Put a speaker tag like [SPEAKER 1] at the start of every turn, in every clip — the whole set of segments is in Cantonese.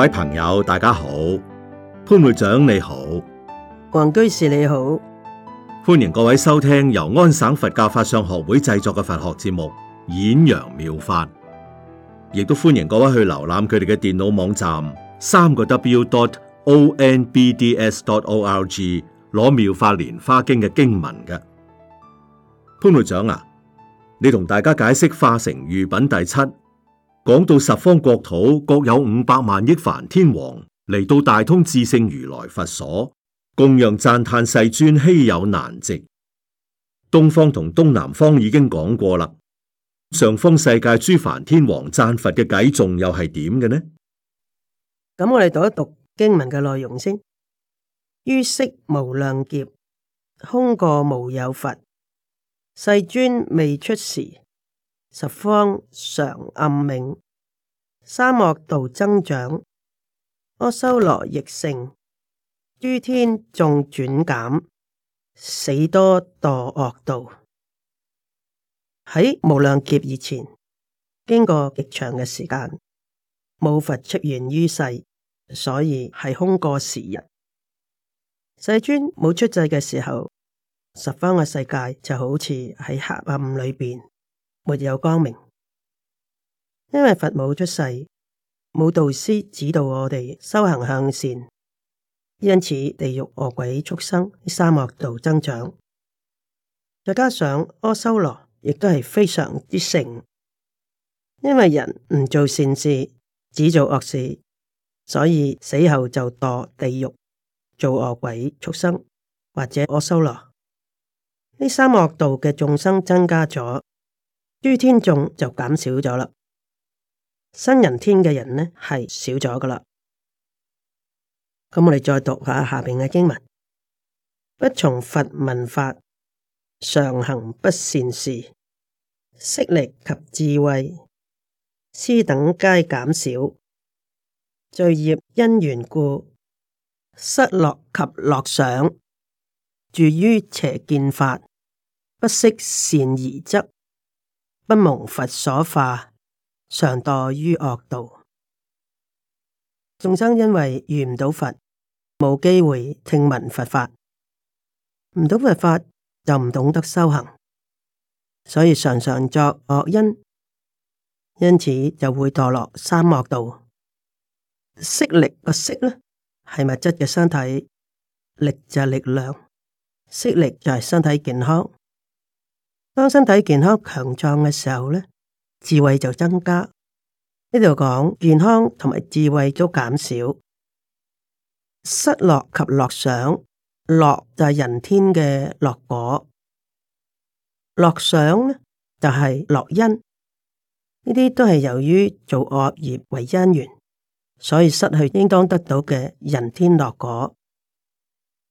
[SPEAKER 1] 各位朋友，大家好，潘會長你好，王居士你好，歡迎各位收聽由安省佛教法相學會製作嘅佛學節目《演揚妙法》，亦都歡迎各位去瀏覽佢哋嘅電腦網站三個 W dot O N B D S dot O R G 攞妙法蓮華經嘅經文嘅。潘會長啊，你同大家解釋化城喻品第七。講到十方國土各有五百萬億梵天王嚟到大通智勝如來佛所，供養讚歎世尊稀有難值。東方同東南方已經講過啦，上方世界諸梵天王讚佛嘅偈頌又係點嘅呢？
[SPEAKER 2] 咁我哋讀一讀經文嘅內容先。於昔無量劫，空過無有佛，世尊未出時。十方常暗冥，三惡道增長，阿修羅亦盛，諸天眾轉減，死多墮惡道。喺無量劫以前，經過極長嘅時間，無佛出現於世，所以係空過時日。世尊冇出世嘅時候，十方嘅世界就好似喺黑暗裏邊。沒有光明，因為佛冇出世，冇導師指導我哋修行向善，因此地獄惡鬼畜生呢三惡道增長。再加上阿修羅亦都係非常之盛，因為人唔做善事，只做惡事，所以死後就墮地獄做惡鬼畜生或者阿修羅。呢三惡道嘅眾生增加咗。諸天眾就減少咗啦，新人天嘅人呢係少咗噶啦。咁我哋再讀一下下面嘅經文： 不從佛聞法，常行不善事，色力及智慧，斯等皆減少。罪業因緣故，失樂及樂想，住於邪見法，不識善而則。不蒙佛所化，常墮於惡道。眾生因為遇唔到佛，冇機會聽聞佛法，唔懂佛法就唔懂得修行，所以常常作惡因，因此就會墮落三惡道。色力個色咧係物質嘅身體，力就係力量，色力就係身體健康。當身體健康強壯嘅時候咧，智慧就增加。呢度講健康同智慧都減少。失樂及樂想，樂就係人天嘅樂果，樂想呢就係樂因。呢啲都係由於做惡業為因緣，所以失去應當得到嘅人天樂果，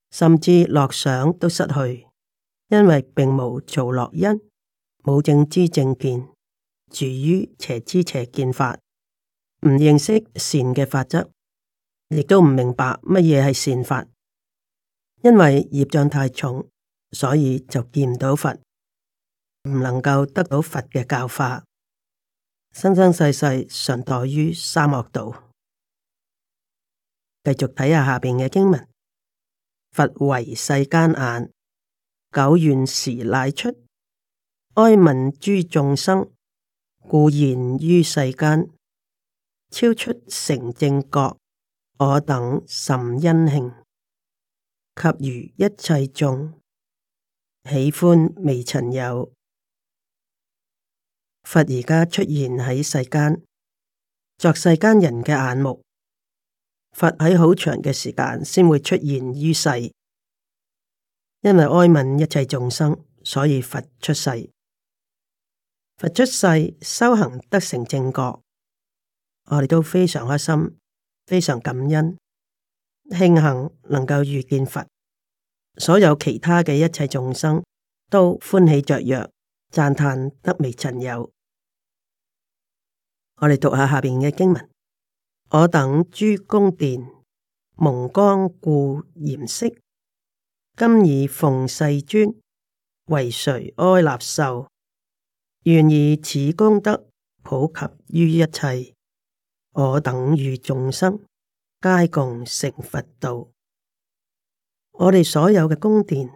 [SPEAKER 2] 甚至樂想都失去，因為並冇做樂因。冇正知正見，住於邪知邪見法，唔認識善嘅法則，亦都唔明白乜嘢係善法，因為業障太重，所以就見唔到佛，唔能夠得到佛嘅教化。生生世世順墮於三惡道。繼續睇下下邊嘅經文：佛為世間眼，久遠時乃出。哀憫諸眾生，故現於世間，超出成正覺。我等甚恩慶，及如一切眾，喜歡未曾有。佛而家出現喺世間，作世間人嘅眼目。佛喺好長嘅時間先會出現於世，因為哀憫一切眾生，所以佛出世。佛出世修行得成正覺，我哋都非常開心，非常感恩，慶幸能夠遇見佛。所有其他嘅一切眾生都歡喜雀躍讚嘆得未曾有。我哋讀下下邊嘅經文：我等諸宮殿蒙光故嚴飾，今以奉世尊為誰哀納受。願以此功德，普及於一切，我等與眾生，皆共成佛道。我哋所有嘅宮殿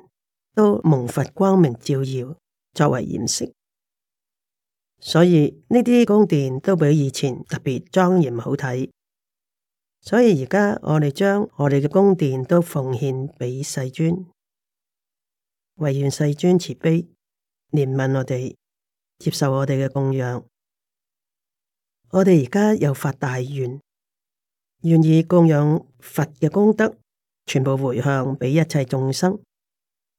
[SPEAKER 2] 都蒙佛光明照耀，作為掩飾。所以呢啲宮殿都比以前特別莊嚴好睇。所以而家我哋將我哋嘅宮殿都奉獻畀世尊，唯願世尊慈悲憐憫我哋。接受我哋嘅供養，我哋而家又發大願，願意供養佛嘅功德，全部回向俾一切眾生。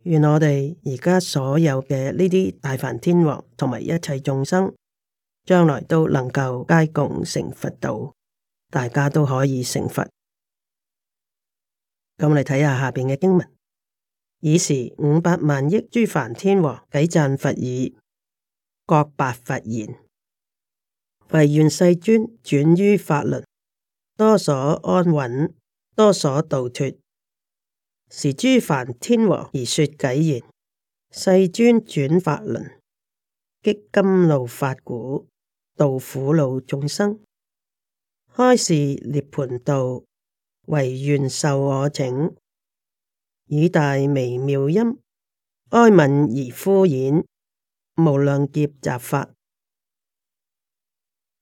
[SPEAKER 2] 願我哋而家所有嘅呢啲大梵天王同埋一切眾生，將來都能夠皆共成佛道，大家都可以成佛。咁你睇下下邊嘅經文，以時五百萬億諸梵天王偈讚佛已，各白佛言，唯願世尊轉於法輪，多所安穩，多所度脱。時諸凡天王而說偈言：世尊轉法輪，擊甘露法鼓，度苦惱眾生，開示涅槃道。唯願受我請，以大微妙音，哀愍而敷演。無量劫雜法，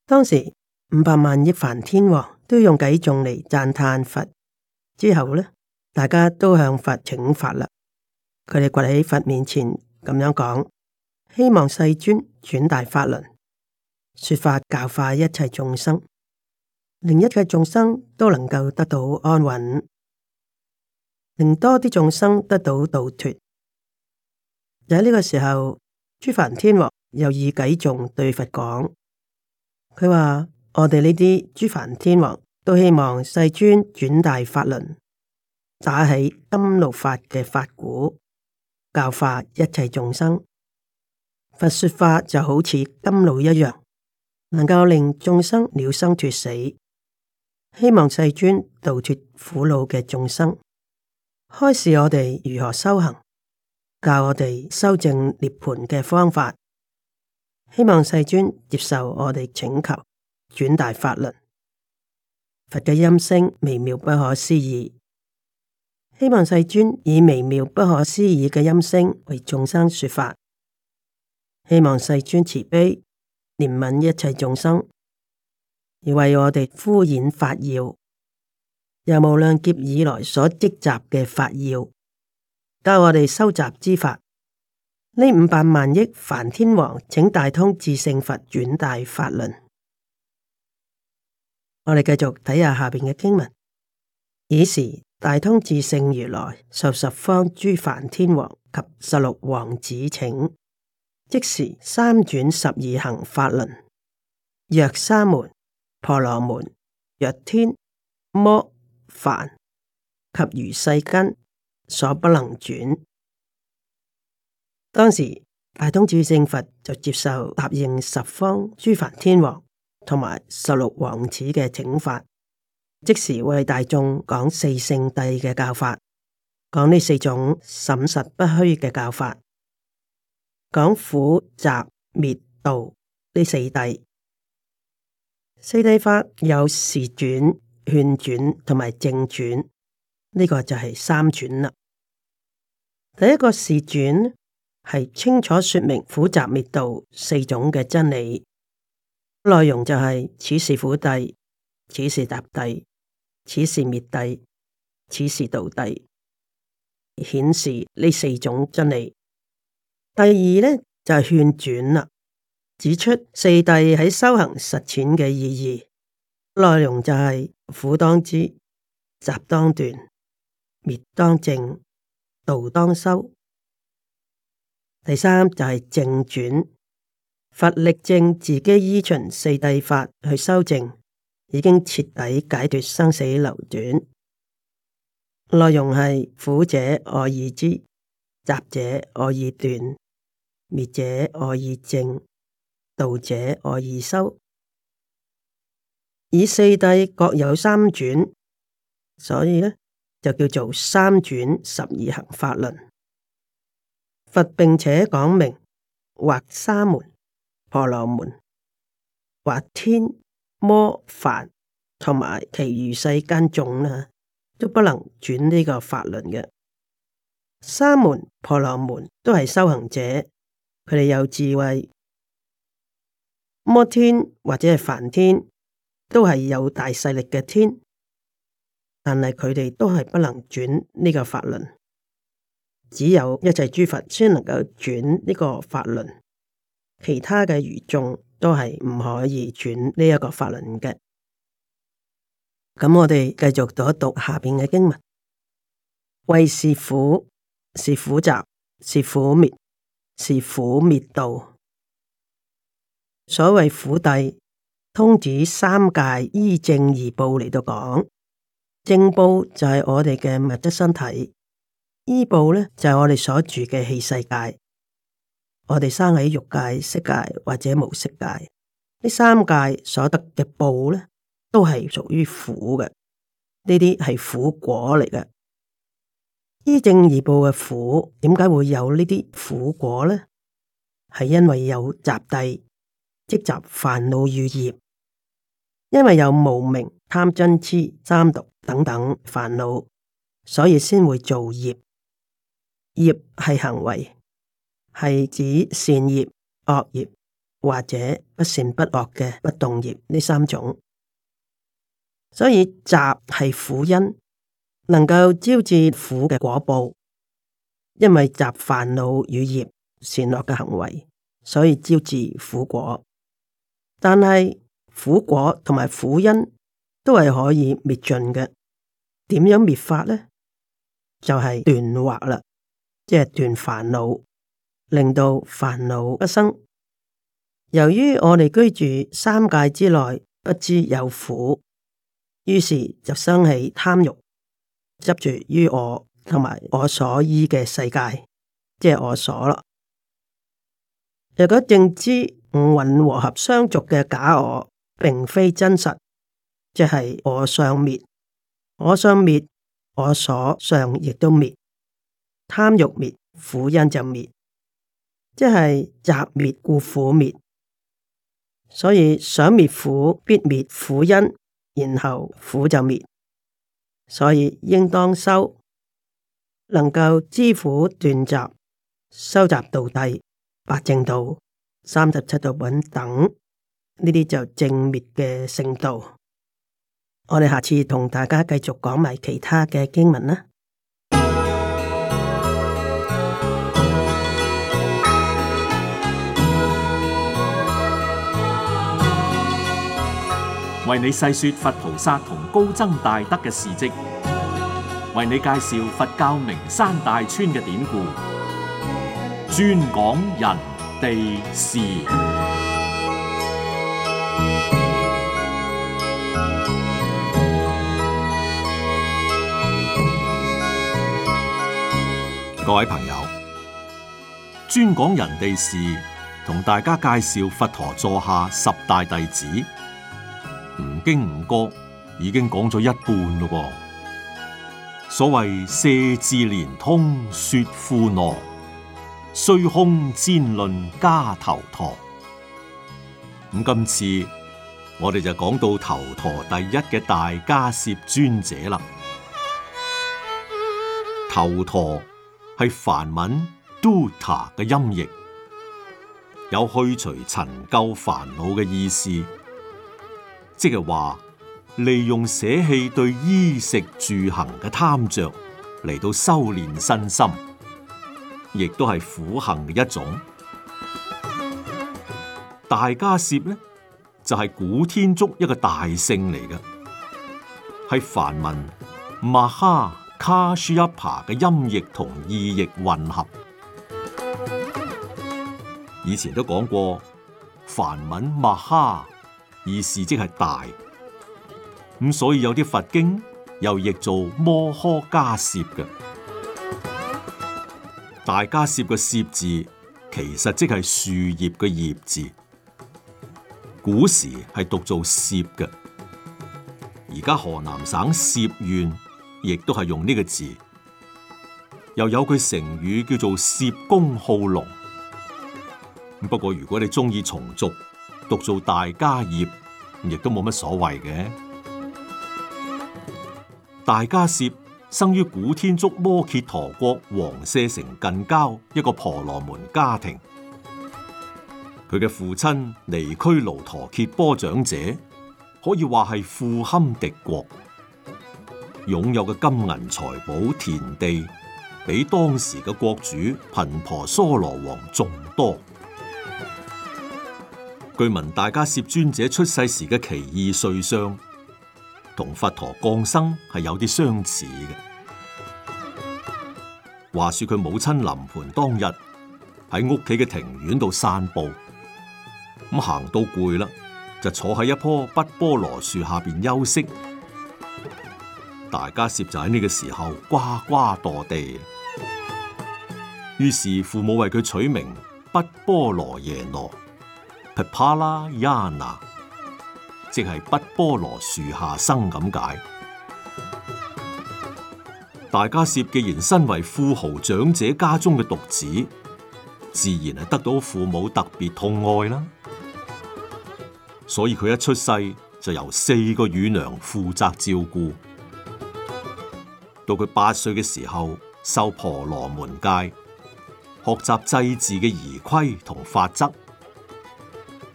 [SPEAKER 2] 當時五百萬億梵天王都用偈頌嚟讚嘆佛。之後呢，大家都向佛請法啦。佢哋跪喺佛面前咁樣講，希望世尊轉大法輪，說法教化一切眾生，令一切眾生都能夠得到安穩，令多啲眾生得到度脫。就喺呢個時候。諸梵天王又以偈頌對佛講，佢話我哋呢啲諸梵天王都希望世尊轉大法輪，打起甘露法嘅法鼓，教化一切眾生。佛說法就好似甘露一樣，能夠令眾生了生脫死，希望世尊度脫苦惱嘅眾生，開示我哋如何修行。教我哋修正涅槃嘅方法，希望世尊接受我哋請求轉大法輪。佛嘅音聲微妙不可思議，希望世尊以微妙不可思議嘅音聲為眾生說法。希望世尊慈悲憐憫一切眾生，而為我哋敷衍法要，又無量劫以來所積集嘅法要。教我哋收集之法。呢五百萬億梵天王請大通智勝佛轉大法輪。我哋繼續睇下下面嘅經文。爾時大通智勝如來受十,十方諸梵天王及十六王子請，即時三轉十二行法輪。若沙門婆羅門，若天魔梵及如世間所不能轉。當時大通智勝佛就接受答應十方諸梵天王同埋十六王子嘅請法，即時為大眾講四聖諦嘅教法，講呢四種審實不虛嘅教法，講苦集滅道呢四諦，四諦法有事轉、勸轉同埋正轉，呢、這個就係三轉啦。第一個示轉係清楚說明苦集滅道四種嘅真理，內容就係此是苦諦，此是集諦，此是滅諦，此是道諦，顯示呢四種真理。第二呢，就係勸轉啦，指出四諦喺修行實踐嘅意義，內容就係苦當知，集當斷，滅當證。道當修，第三就係證轉，佛力正自己依循四諦法去修正，已經徹底解脱生死流轉。內容係苦者我已知，集者我已斷，滅者我已證，道者我已修。以四諦各有三轉，所以呢，就叫做三轉十二行法輪，佛並且講明，或沙門、婆羅門，或天、魔、梵，同埋其餘世間眾呢，都不能轉呢個法輪嘅。沙門、婆羅門都係修行者，佢哋有智慧；魔天或者係梵天，都係有大勢力嘅天。但係佢哋都係不能轉呢個法輪，只有一切諸佛先能夠轉呢個法輪，其他嘅餘眾都係唔可以轉呢一個法輪嘅。咁我哋繼續讀一讀下邊嘅經文，為是苦，是苦集，是苦滅，是苦滅道。所謂苦諦，通指三界依正而報嚟，到講。正報就係我哋嘅物質身體，依報呢就係、是、我哋所住嘅器世界。我哋生喺欲界、色界或者無色界呢三界所得嘅報呢都係屬於苦嘅。呢啲係苦果嚟嘅。依正而報嘅苦，點解會有呢啲苦果呢？係因為有集諦，積集煩惱與業，因為有無明。貪嗔癡、三毒等等煩惱，所以先會造業。業係行為，係指善業、惡業或者不善不惡嘅不動業呢三種。所以集係苦因，能夠招致苦嘅果報，因為集煩惱與業善惡嘅行為，所以招致苦果。但係苦果同埋苦因，都係可以滅盡嘅。點樣滅法呢？就係、是、斷惑啦，即係斷煩惱，令到煩惱不生。由於我哋居住三界之內，不知有苦，於是就生起貪慾，執住於我同埋我所依嘅世界，即係我所啦。若果認知五蘊和合相續嘅假我，並非真實。即係我相滅，我相滅，我所相亦都滅。貪欲滅，苦因就滅。即係集滅故苦滅，所以想滅苦必滅苦因，然後苦就滅。所以應當修，能夠知苦斷集，修習道諦、八正道、三十七道品等，呢啲就正滅嘅聖道。我哋下次同大家繼續講埋其他嘅經文啦。
[SPEAKER 1] 為你細說佛菩薩同高僧大德嘅事跡，為你介紹佛教名山大川嘅典故，專講人地事。各位朋友，專講人哋事，同大家介紹佛陀座下十大弟子。唔經唔覺已經講咗一半嘞噃，所謂舍智連通說富樓，須空旃論迦頭陀。咁今次我哋就講到頭陀第一嘅大迦葉尊者啦，頭陀，係梵文 duta 嘅音譯，有去除塵垢煩惱嘅意思，即係話利用捨棄對衣食住行嘅貪著，嚟到修煉身心，亦都係苦行嘅一種。大迦葉呢，就係、是、古天竺一個大姓嚟嘅，係梵文瑪哈。卡書一爬嘅音譯同意譯混合。以前都講過梵文嘛哈，意思即係大咁，所以有啲佛經又譯做摩訶迦葉嘅。大迦葉個葉字，其實即係樹葉嘅葉字，古時係讀做涉嘅，而家河南省葉縣，亦都係用呢個字，又有句成語叫做涉公好龍。不過如果你中意從俗，讀做大家業，亦都冇乜所謂嘅。大家涉生於古天竺摩羯陀國王舍城近郊一個婆羅門家庭。佢嘅父親尼俱盧陀羯波長者，可以話係富堪敵國。擁有嘅金銀財寶、田地，比當時嘅國主頻婆娑羅王仲多。據聞大迦葉尊者出世時嘅奇異瑞相，同佛陀降生係有啲相似嘅。話說佢母親臨盆當日，喺屋企嘅庭院度散步，咁行到攰啦，就坐喺一棵畢缽羅樹下邊休息。大家攝就喺呢個時候呱呱墮地，於是父母為佢取名不波羅耶諾 Papalayana 即係不波羅樹下生咁解。大家攝既然身為富豪長者家中嘅獨子，自然係得到父母特別痛愛啦。所以佢一出世就由四個乳娘負責照顧。到佢八歲嘅時候，受婆羅門戒，學習祭祀嘅儀規同法則，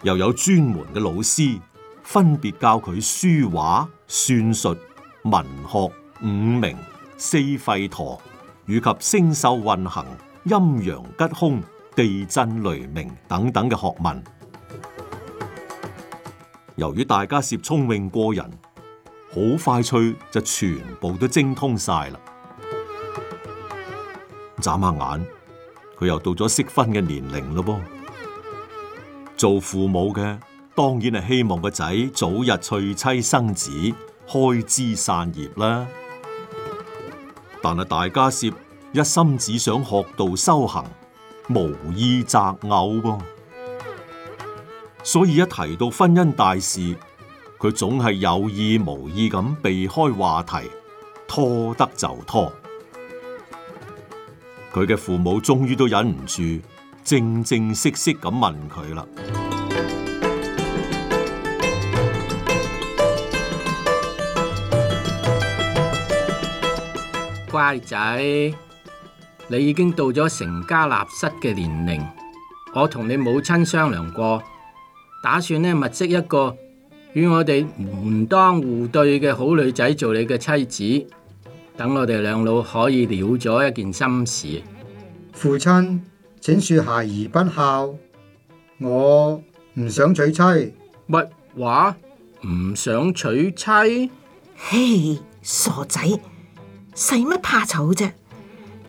[SPEAKER 1] 又有專門嘅老師分別教佢書畫、算術、文學、五明、四吠陀以及星宿運行、陰陽吉凶、地震雷鳴等等嘅學問。由於大迦葉聰穎過人，好快脆就全部都精通晒啦！眨下眼，佢又到咗適婚嘅年齡咯噃。做父母嘅當然係希望個仔早日娶妻生子，開枝散葉啦。但係大迦葉一心只想學道修行，無意擇偶噃。所以一提到婚姻大事，佢總係有意無意咁避開話題，拖得就拖。佢嘅父母終於都忍唔住，正正式式咁問佢啦：
[SPEAKER 3] 「乖仔，你已經到咗成家立室嘅年齡，我同你母親商量過，打算呢，物色一個與我哋門當戶對嘅好女仔做你嘅妻子，等我哋兩老可以了咗一件心事。」「父親，請恕孩兒不孝，我唔想娶妻。」「乜話？唔想娶妻？ 嘿，傻仔，使
[SPEAKER 4] 乜怕醜啫？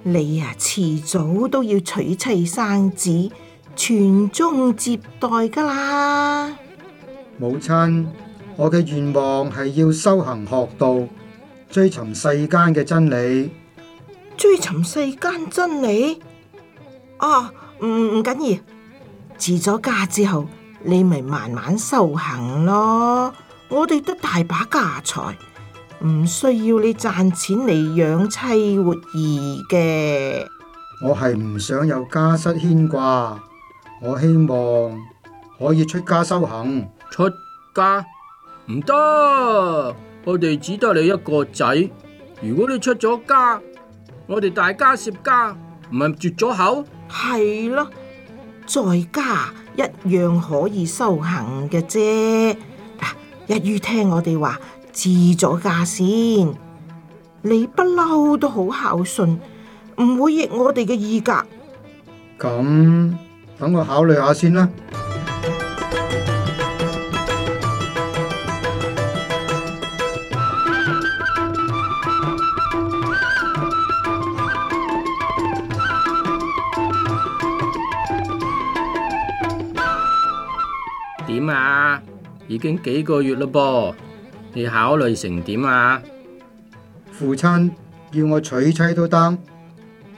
[SPEAKER 4] 你啊，遲早都要娶妻生子，傳宗接代噶啦。」
[SPEAKER 3] 母親，我嘅願望係要修行學道，追尋世間嘅真理。
[SPEAKER 4] 追尋世間真理？啊，唔唔緊要。自咗家之後，你咪慢慢修行咯。我哋都大把家財，唔需要你賺錢嚟養妻
[SPEAKER 3] 活兒嘅。我係唔想有家室牽掛，我希望可以出家修行。出家唔得，我哋只得你一個仔。如果你出咗家，我哋大家接家，唔係絕咗口。係啦，
[SPEAKER 4] 在家一樣可以修行嘅啫。嗱，一於聽我哋話，自咗家先。你不嬲都好孝順，唔會逆我哋嘅意格。
[SPEAKER 3] 咁，等我考慮下先啦。點啊！已經幾個月嘞噃，你考慮成點啊？父親，叫我娶妻都得，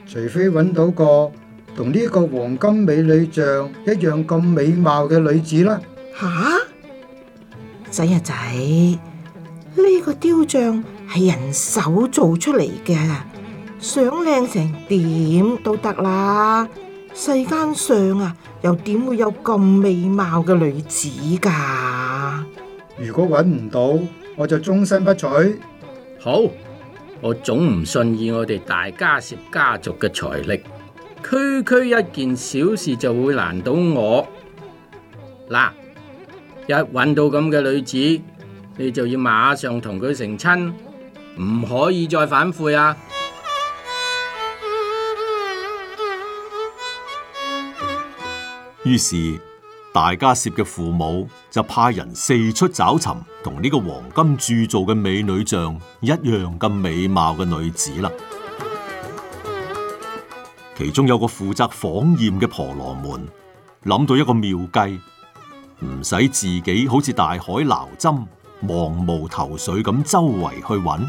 [SPEAKER 3] 除非搵到個同呢個黃金美女像一樣咁美貌嘅女子啦。吓、啊！仔啊
[SPEAKER 4] 仔，呢、這個雕像係人手做出嚟嘅，想靚成點都得啦。世間上啊，又點會有咁美貌嘅女子噶？如果
[SPEAKER 3] 搵唔到，我就終身不娶。好，我總唔信以我哋大迦葉家族嘅財力，區區一件小事就會難到我。嗱，一搵到咁嘅女子，你就要馬上同佢成親，唔可以再反悔啊！
[SPEAKER 1] 於是大迦葉嘅父母就派人四出找尋，同呢個黃金鑄造嘅美女像一樣咁美貌嘅女子啦。其中有個負責訪驗嘅婆羅門，諗到一個妙計，唔使自己好似大海撈針、茫無頭緒咁周圍去揾。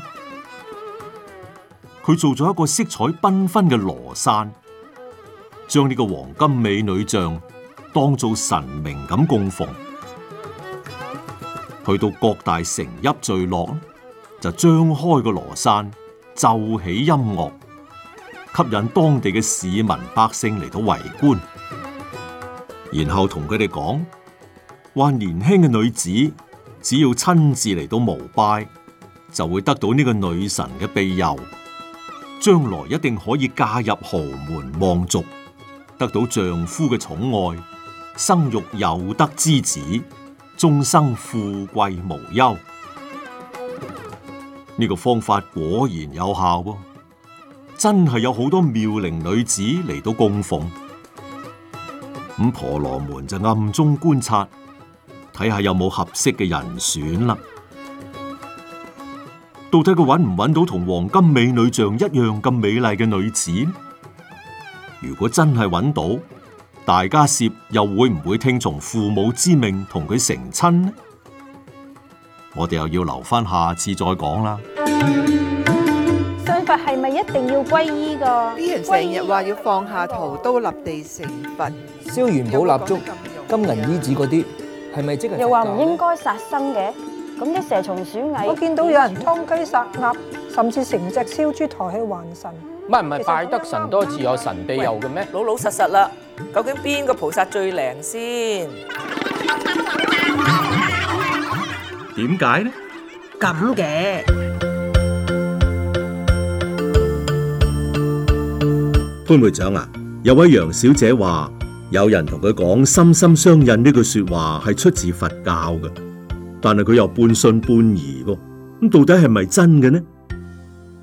[SPEAKER 1] 佢做咗一個色彩繽紛嘅羅山，將呢個黃金美女像。當做神明咁供奉，去到各大城邑聚落，就張開個羅山，奏起音樂，吸引當地嘅市民百姓嚟到圍觀，然後同佢哋講，話年輕嘅女子只要親自嚟到膜拜，就會得到呢個女神嘅庇佑，將來一定可以嫁入豪門望族，得到丈夫嘅寵愛。生育有德之子，終生富貴無憂。呢、這個方法果然有效，哦，真係有好多妙齡女子嚟到供奉。咁、嗯、婆羅門就暗中觀察，睇下有冇合適嘅人選啦。到底佢揾唔揾到同黃金美女像一樣咁美麗嘅女子？如果真係揾到。大家迦葉又會唔會聽從父母之命同佢成親呢？我哋又要留翻下，下次再講啦。
[SPEAKER 4] 信佛係咪一定要皈依噶？啲人成日話要放下屠刀立地成佛，
[SPEAKER 3] 燒元寶、蠟燭、金銀衣紙嗰啲，係咪、嗯、即係？又話唔
[SPEAKER 4] 應該殺生嘅，咁啲蛇蟲鼠蟻，我見到有人劏雞殺鴨，甚至成隻燒豬抬去還神。
[SPEAKER 3] 唔係唔係，拜得神多自有神庇佑嘅咩？老老實實啦，究竟邊個菩薩最靈先？
[SPEAKER 1] 點解咧？
[SPEAKER 4] 咁嘅
[SPEAKER 1] 潘會長啊，有位楊小姐話，有人同佢講“心心相印”呢句說話係出自佛教嘅，但係佢又半信半疑噃，咁到底係咪真嘅呢？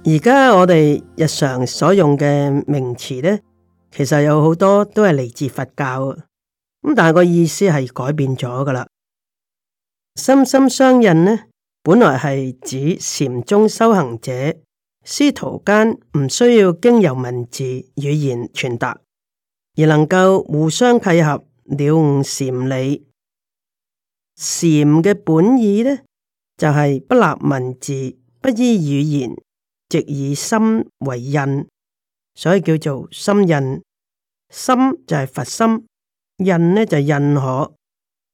[SPEAKER 2] 而家我哋日常所用嘅名詞呢，其實有好多都係嚟自佛教的，咁但係個意思係改變咗噶啦。心心相印呢，本來係指禪宗修行者師徒間唔需要經由文字語言傳達，而能夠互相契合了悟禪理。禪嘅本意呢，就係不立文字，不依語言。直以心為印，所以叫做心印。心就係佛心，印咧就是印可，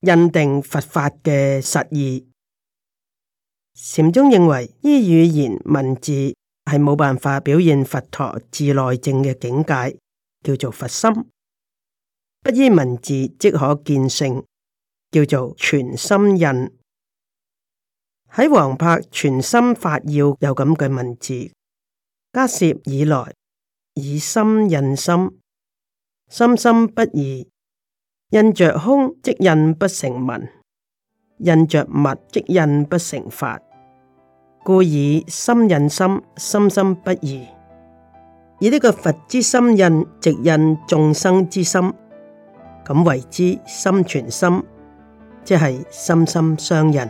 [SPEAKER 2] 印定佛法嘅實義。禪宗認為依語言文字係冇辦法表現佛陀自內證嘅境界，叫做佛心。不依文字即可見性，叫做全心印。喺黃檗傳心法要有咁嘅文字，迦葉以來，以心印心，心心不移。印着空即印不成文，印着物即印不成法。故以心印心，心心不移。以呢個佛之心印，直印眾生之心，咁為之心全心，即係心心相印。